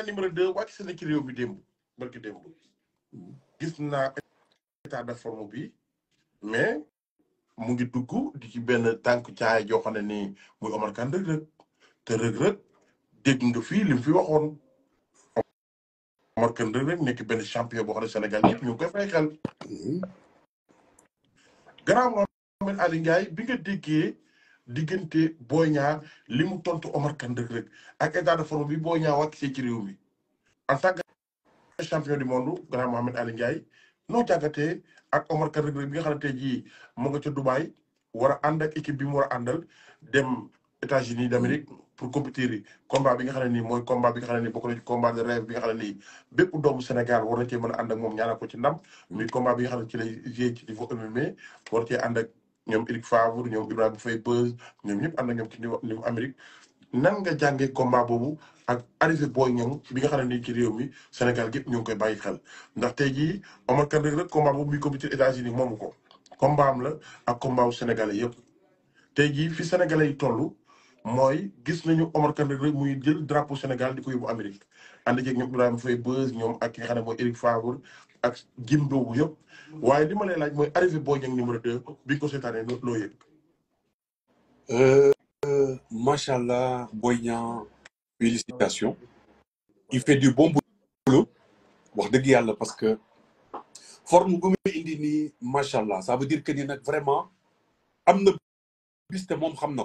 candidat numéro deux wàcc si na ci réew bi barki démb gis naa état de forme bi mais mu ngi dugg di benn tànk caay joo xam ne ni muy Omar te rëg-rëg dégg nga fii li mu fi waxoon Omar Kane rëg-rëg nekk benn champion boo xam Sénégal yëpp ñu ngi koy fay xel mm-hmm. gannaaw bi nga déggee diggante boo Niang li mu tontu Omar Kane Reug Reug ak état de forme bi boo Niang a see ci réew mi en tant que champion du monde grand Mohamed Ali Ndiaye noo jàngatee ak Omar Kane Reug Reug bi nga xam ne tey jii mu nga ca Dubaï war a ànd ak équipe bi mu war a àndal dem États-Unis d'Amérique pour compétir yi bi nga xam ne nii mooy combat bi nga xam ne nii bokk na ci combat de rêve bi nga xam bépp doomu Sénégal war na cee mën a ànd moom ñaanal ko ci ndam muy combat bi nga xam ci lay joué ci niveau MMA war cee ànd ñoom Éric Favre ñoom Ibrahima Faye Peuz ñoom ñëpp ànd na ñoom ci niveau Amérique nan nga jàngee combat boobu ak arrivé Boy Niang bi nga xam ne nii ci réew mi Sénégal gépp ñu ngi koy bàyyi xel ndax tey jii Omar Kane rek combat boobu muy comité États-Unis moomu ko combat am la a combat wu Sénégalais yëpp jii fi Sénégalais yi toll moy gis nañu Omar Kane rek muy jël drapeau Sénégal di ko Amérique ànd ceeg ñom Ibrahima Faye Beuse ñom ak ki nga xam ne mooy ak Jim Doobu yëpp waaye li lay laaj moy arrivé Boy Niang numéro 2 bi ko seetaanee loo yëg. Euh, euh, macha allah Boy Niang félicitations il fait du bon boulot wax deug yalla parce que forme bu muy indi ni machallah ça veut dire que ni nak vraiment amna na mom te xam na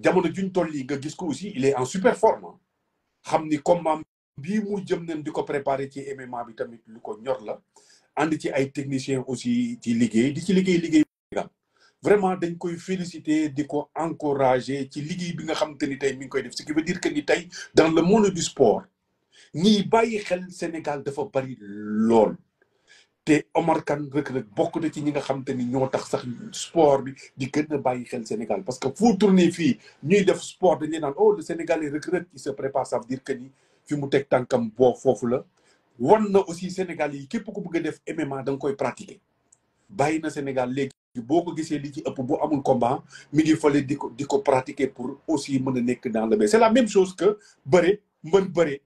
jamono juñ toll aussi il est en super forme ah. xamni combat mu jëm nañ diko préparer ci MMA bi tamit lu ñor la ci ay aussi ci di ci vraiment dañ koy féliciter encourager ci bi nga ce qui veut dire que ni dans le monde du sport xel Sénégal dafa bari té Omar Kan rek rek bokk na ci ñi nga xam tane ñoo tax sax sport bi di gën a bàyyi xel Sénégal parce que fu tourner fii ñuy def sport dañuy naan oh le Sénégalais rek rek il se prépare ça veut dire que ni fi mu teg tànkam boo foofu la wan na aussi Sénégal yi képp ku bëgg a def MMA da nga koy pratiquer bàyyi na Sénégal léegi boo ko gisee li ci ëpp bu amul combat mi ngi fale di ko di ko pratiquer pour aussi mën a nekk dans le bain c'est la même chose que bëre mën bëre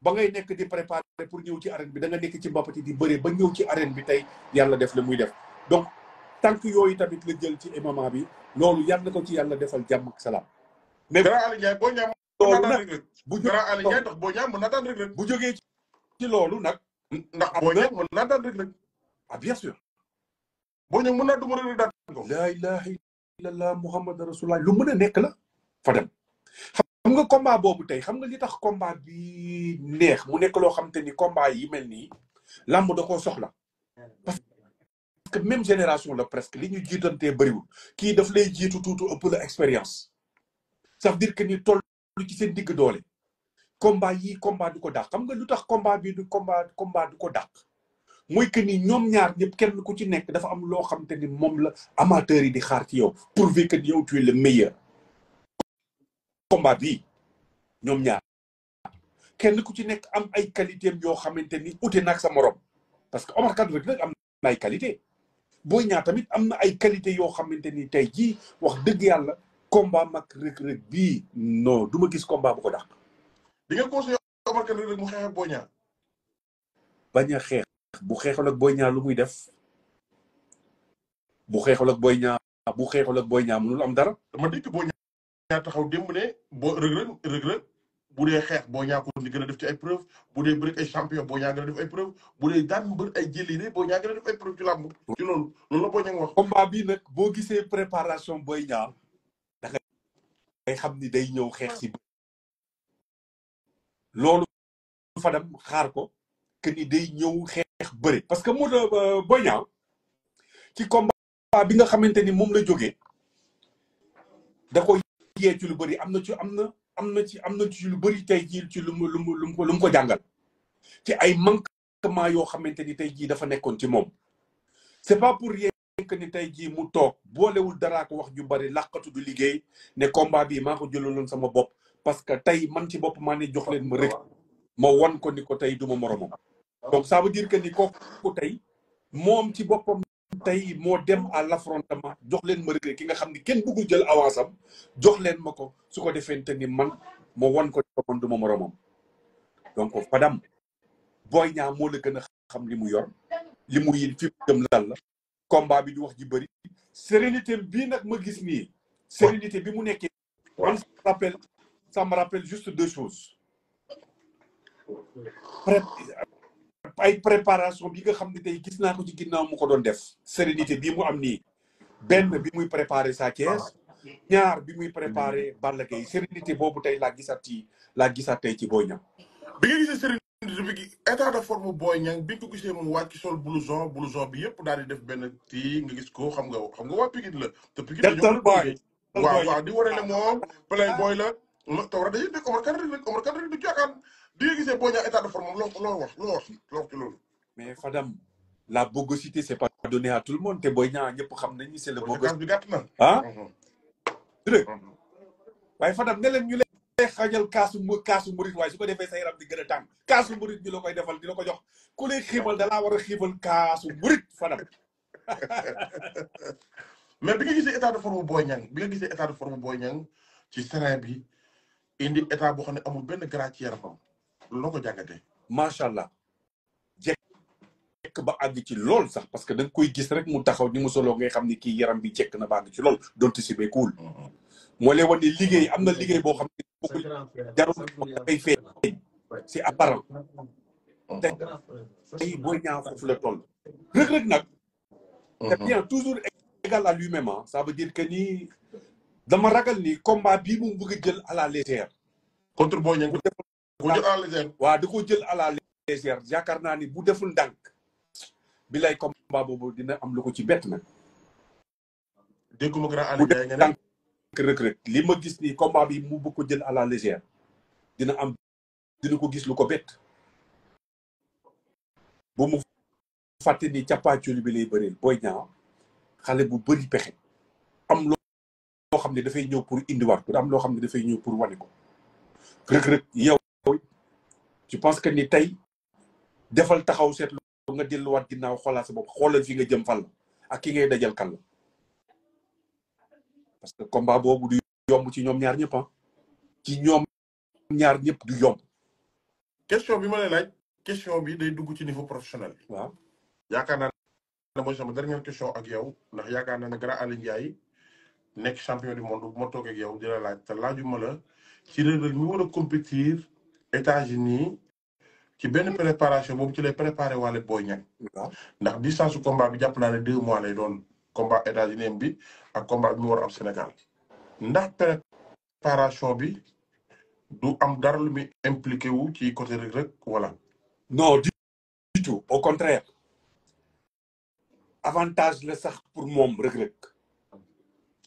ba ngay nekk di préparer pour ñëw ci arène bi da nga nekk ci mbappat yi di bëree ba ñëw ci arène bi tey yàlla def la muy def donc tànk yooyu tamit la jël ci MMA bi loolu yàlla na ko ci yàlla defal jàmm ak salaam. mais boo ñëwee loolu nag bu jógee bu jógee ci loolu nag. ndax boo ñëwee mën naa daan rek rek. ah bien sûr. boo ñëwee mën naa duma rek daan ko. laa ilaaha illallah muhammad rasulullah lu mën a nekk la fa dem. xam nga combat boobu tey xam nga li tax combat bi neex mu nekk loo xam combat yi mel nii làmb soxla parce que même génération la presque li ñu jiitantee kii daf lay jiitu tuutu un la expérience ça veut dire que ni toll ci seen digg doole combat yi combat du xam nga combat bi du combat combat que ni ñoom ñaar ñëpp kenn ku ci nekk dafa am loo la amateur yi di xaar que yow tu es le meilleur combat bi ñom ñaar kenn ku ci nek am ay qualité yoo xamante ni ute naag sa morom parce que Omar Kane nak am ay qualité Boy ñaar tamit am na ay qualité yo xamanteni tay ji wax deug yalla combat mak rek rek bi non duma gis combat bu ko dakk di nga conseil Omar Kane rek mu xex Boy ñaar baña xex bu xexol ak Boy ñaar lu muy def bu xexol ak Boy ñaar bu xexol ak Boy Niang mënul am dara. dama dik Boy ñaar ñaa taxaw démb ne boo rëg bu dee xeex boo ñaa ko di gën a def ci ay preuve bu dee bëri ay champion boo ñaa gën def ay preuve bu dee daan mbër ay jëli ne boo ñaa a def ay preuve ci làmb ci loolu loolu la boo ña bi nag boo gisee préparation booy ñaar da ngay xam ni day ñëw xeex si loolu fa xaar ko que ni day ñëw xeex bëri parce que moo tax euh, booy ñaaw ci combat bi nga xamante ni moom la jógee da ko kiyee ci lu bëri am na ci am na am na ci lu bari tey jii ci lu mu lu mu lu lu mu ko jàngal ci ay manquement yoo xamante ni tey jii dafa nekkoon ci moom c'est pas pour rien que ni tey jii mu toog boolewul dara ak wax ju bari làqatu du liggéey ne combat bi maa ko jëlaloon sama bopp parce que tey man ci bopp maa ne jox leen ma rek ma wan ko ni ko tey du ma moromam donc ça veut dire que ni tey moom ci boppam tey moo dem a l'affrontement jox leen ma Reug ki nga xam ni kenn bëggul jël avance am jox leen ma ko su ko defente ni man moo wan ko man du ma moromam donc Fadam Boy Niang moo la xam li mu yor li mu yi fi mu jëm lan la combat bi di wax ji bëri sérénité bii nag ma gis nii sérénité bi mu nekkee man ça me rappelle ça rappelle juste deux choses ay préparation bi nga xam ne tey gis naa ko ci na mu ko doon def sérénité bii mu am nii benn bi muy préparé Sa Thiès ñaar bi muy préparé Balla Gaye sérénité boobu tey laa gisaat ci laa gisaat tey ci Boy Niang bi nga gisee sérénité bi état de forme Boy Niang bi nga ko gisee mu wàcc sol blouson di def benn tii nga gis ko xam nga xam nga waa la te Pikine dañu boy waaw waaw di wane ne moom play boy la ah. toog rek dañuy bi nga gisee boo ñaax état de forme loo loo wax mais Fadam la bogosité c' est pas donné à tout le monde te booy ñaax ñëpp xam nañu c' est le bogos. bi gàtt na mm-hmm. mm-hmm. waaye Fadam ne leen ñu lay xajal kaasu kaasu murit waaye su defee sa a di gën a tàng kaasu murit ñu la koy defal di ko jox ku lay xiibal da war a xiibal kaasu murit Fadam. mais bi nga gisee état de forme booy bi nga gisee état de forme booy ci terrain bi indi état boo xam ne amul benn grade ci yaramam. Loko ko machallah jek allah ba ag ci lol sax parce que dang koy gis rek mu taxaw ni mu solo ngay xamni ki yaram bi jek na ba ci lol don si be cool mo le ne liggéey amna na bo xamni xam ne fe ci dafay ay si nya fofu la toll. rek rek nak c'est bien toujours égal à lui-même ça veut dire que ni dama ragal ni combat bi mu bëgg jël à la légère. contre Boy Niang bu la légère waaw da ko jël à la légère yaakaar naa ni bu deful ndànk bi lay combat boobu dina am lu ko ci bett nag. dégguma grand Aliou ma gis ni combat bi mu bëgg ko jël à la dina am dina ko gis lu ko bett bu mu fàtte ni cappaaculi bi lay bëreel booy ñaaw xale bu bëri pexe am loo xam ne dafay ñëw pour indiwaat ko am loo xam ne dafay ñëw pour wane ko Reug yow je pense que ni tay defal taxaw lu nga delluwaat ginnaaw xoolaat sa bop xolal fi nga jëm fal ak ki ngay dajal kan parce que combat bobu du yomb ci ñom ñaar ñëpp ah. ci ñom ñaar ñëpp du yomb. question bi ma lay laaj question bi day dugg ci niveau professionnel wa waaw na naa ne sama dernière question ak yow ndax yaakaar na grand ali Ndiaye nek champion du monde mo tok ak yow di laaj te laajuma la ci reul mi war a compétir. États-Unis ci benn hmm. préparation boobu ci lay préparé waale Boy Niang ndax distance su combat bi jàpp les deux mois lay doon combat États-Unis bi ak combat bi mu war am Sénégal ndax préparation bi du am dara lu impliqué wu ci côté rek rek voilà. non du tout au contraire avantage le sax pour moom rek rek.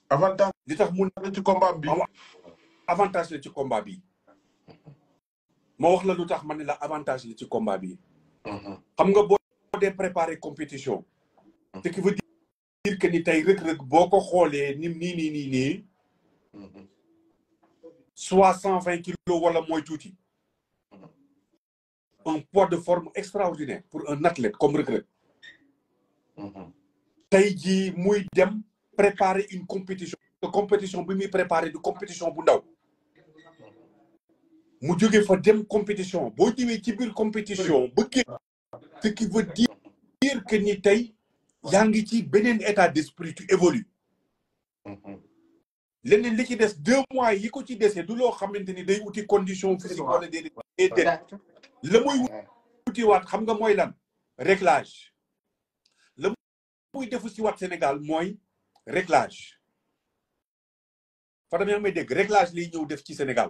avantage li tax mun na ci combat bi avantage la ci combat bi ma wax la tax ma avantage li combat bi. Mhm. xam nga boo préparer compétition. Mhm. ce qui veut dire que ni tey rëg beaucoup boo ni ni ni ni ni 620 nii. Mhm. soit cent vingt kilos wala mooy tout, un poids de forme extraordinaire pour un athlète comme regret. rëg tey jii muy dem préparer une compétition. te compétition bimi muy préparer du compétition bu ndaw mu jóge fa dem compétition boo ñëwee ci biir compétition ba génn ce qui veut dire que ni tey yaa ngi ci beneen état d'esprit tu évolues mhm. leneen li ci des deux mois yi ko ci desee du loo xamante ni day wuti condition physique wala déedéet la muy wuti xam nga mooy lan réglage la muy defu si waat Sénégal mooy réglage fa damay dégg réglage liy ñëw def ci Sénégal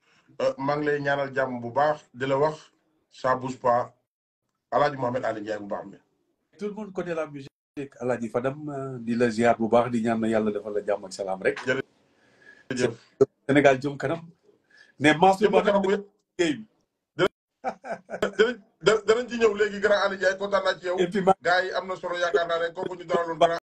Euh, mang lay ñaanal jamm bu baax di la wax ça bouge pas alaaji Mohamed Ali Ndiaye bu baax mi tout le monde connaît la musique alaaji Fadam euh, di la ziar bu baax di ñaan na yalla defal la jamm ak salam rek senegal Sénégal jëm kanam ne Mansour Ba kanam bu géey bi danañ ci ñew legi grand Ali Ndiaye kontaan naa ci yow gaay amna am na solo yaakaar naa ne kooku ñu dalaloon